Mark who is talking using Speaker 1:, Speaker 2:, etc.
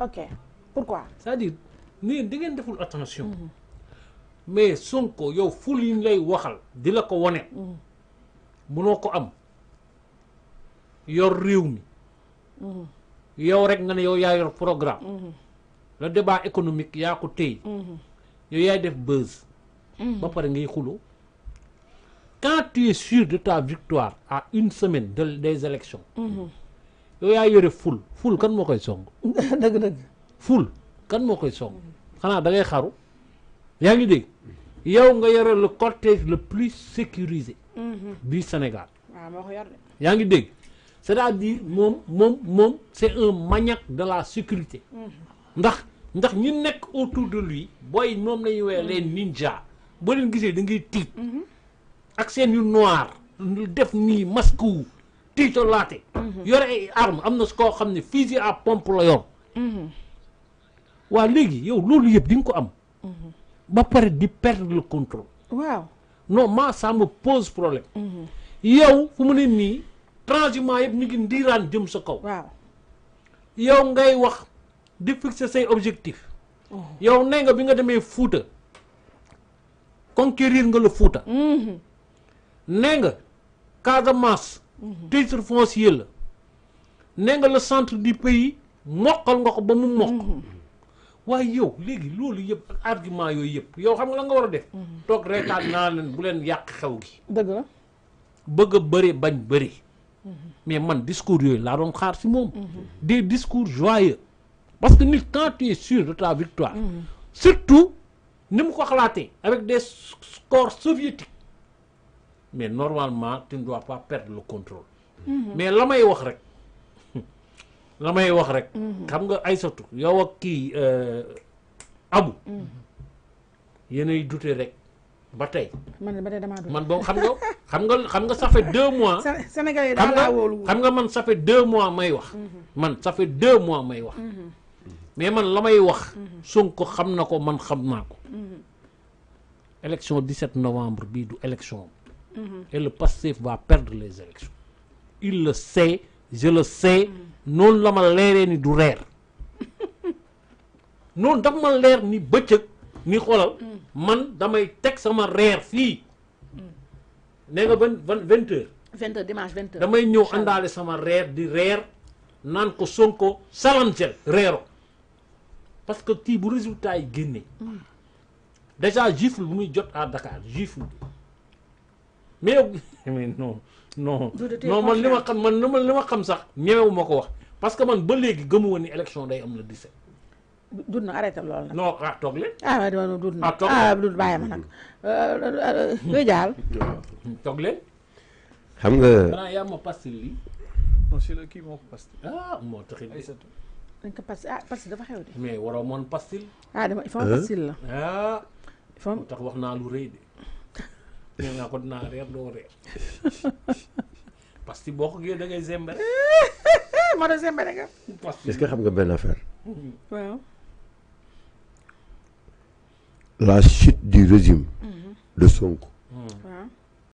Speaker 1: ok pourquoi. c'est-à-dire nous da attention. Mm-hmm. mais Sonko ful une lay waxal la ko mm-hmm. am Vous avez mm-hmm. rek nga programme. le débat économique fait. ko buzz. quand tu es sûr de ta victoire à une semaine des élections yow yaa yore ful ful kan moo koy song. dëgg dëgg. ful kan moo koy song xanaa da ngay xaru yaa ngi dégg yow nga yore le cortège le plus sécurisé. Mhm. du Sénégal. waaw moo yor yaa ngi dégg c'est-à-dire moom moom moom c'est un maniaque de la sécurité. Mhm. ndax ndax ñu nekk autour de lui booy moom la ñuy woowee les mhm. ninja boo leen gisee da ngay tiit. ak seen yu noir def nii masque tiitalaate mhm. yore ay arme amna ko xamné fusil à pompe la yor mhm. wa légui yow lolu yëpp ding ko am mhm. ba paré di perdre le contrôle Wow. non ma ça me pose problème yow fu mu ni transhumant transhumance ñu ngi ndiran jëm sa kaw wow yow ngay wax di fixer say objectif yow né nga bi nga démé fuuta conquérir nga la fuuta né nga Casamance titre foncier la le centre du pays mokkal nga ko ba mu mokk mhm. waaye yow legui lolou yeb argument yoy yeb yow xam nga la nga wara def mhm. tok reetaan naa bu len yak xew gi la beug a bagn bañ mhm. mais man discours yoy la don xaar ci mom des discours joyeux parce que nit quand tu es sûr de ta victoire surtout nim ko xalaatee avec des scores soviétiques mais normalement tu ne dois pas perdre le contrôle. mm -hmm. mais lamay wax rek lamay wax rek. Mhm. xam nga ay sotu yow ak ki euh kii abu. Mhm. yéenay douter rek ba tay man ba tay dama dute man boobu xam nga xam nga xam nga ça fait 2 mois. sénégalais da la laa xam nga man ça fait 2 mois may wax. Mhm. man ça fait 2 mois may wax. mais man lamay wax. Sonko xam na man xam naa élection 17 novembre bi du élection. Mm-hmm. Et le passé va perdre les élections. Il le sait, je le sais. Mm-hmm. Non, la l'air ni nous Non, da ni bëccëg ni xolal. Mm. Man damay tek sama reer fi. 20h. 20h dimanche 20h. Damay nous sama reer di reer nan ko sonko Parce que le résultat est mm. Déjà gifle bu muy à Dakar, gifle mais non non non man li ma xam man man li ma xam sax ñemewu ma ko wax parce que man ba léegi gëmu ni élection day am le 17. dut na arrêté loolu nag. non ah toog leen. ah waaw dut na ah, ah dut bàyyi ma nag. yooyu euh, euh, euh, leen. xam nga. maanaam yaa le kii moo ko pastil. ah moo tax dañ ko pastil ah pastil dafa xew moon pastil. ah dama il faut pastil la. Ah, il faut tax wax naa lu rëy de. nee naa parce que boo ko gee da ngay zembere. ma da zembere nga. Ah. est-ce xam nga benn affaire. Hmm. la chute du régime. Mhm. de Sonko. Hmm.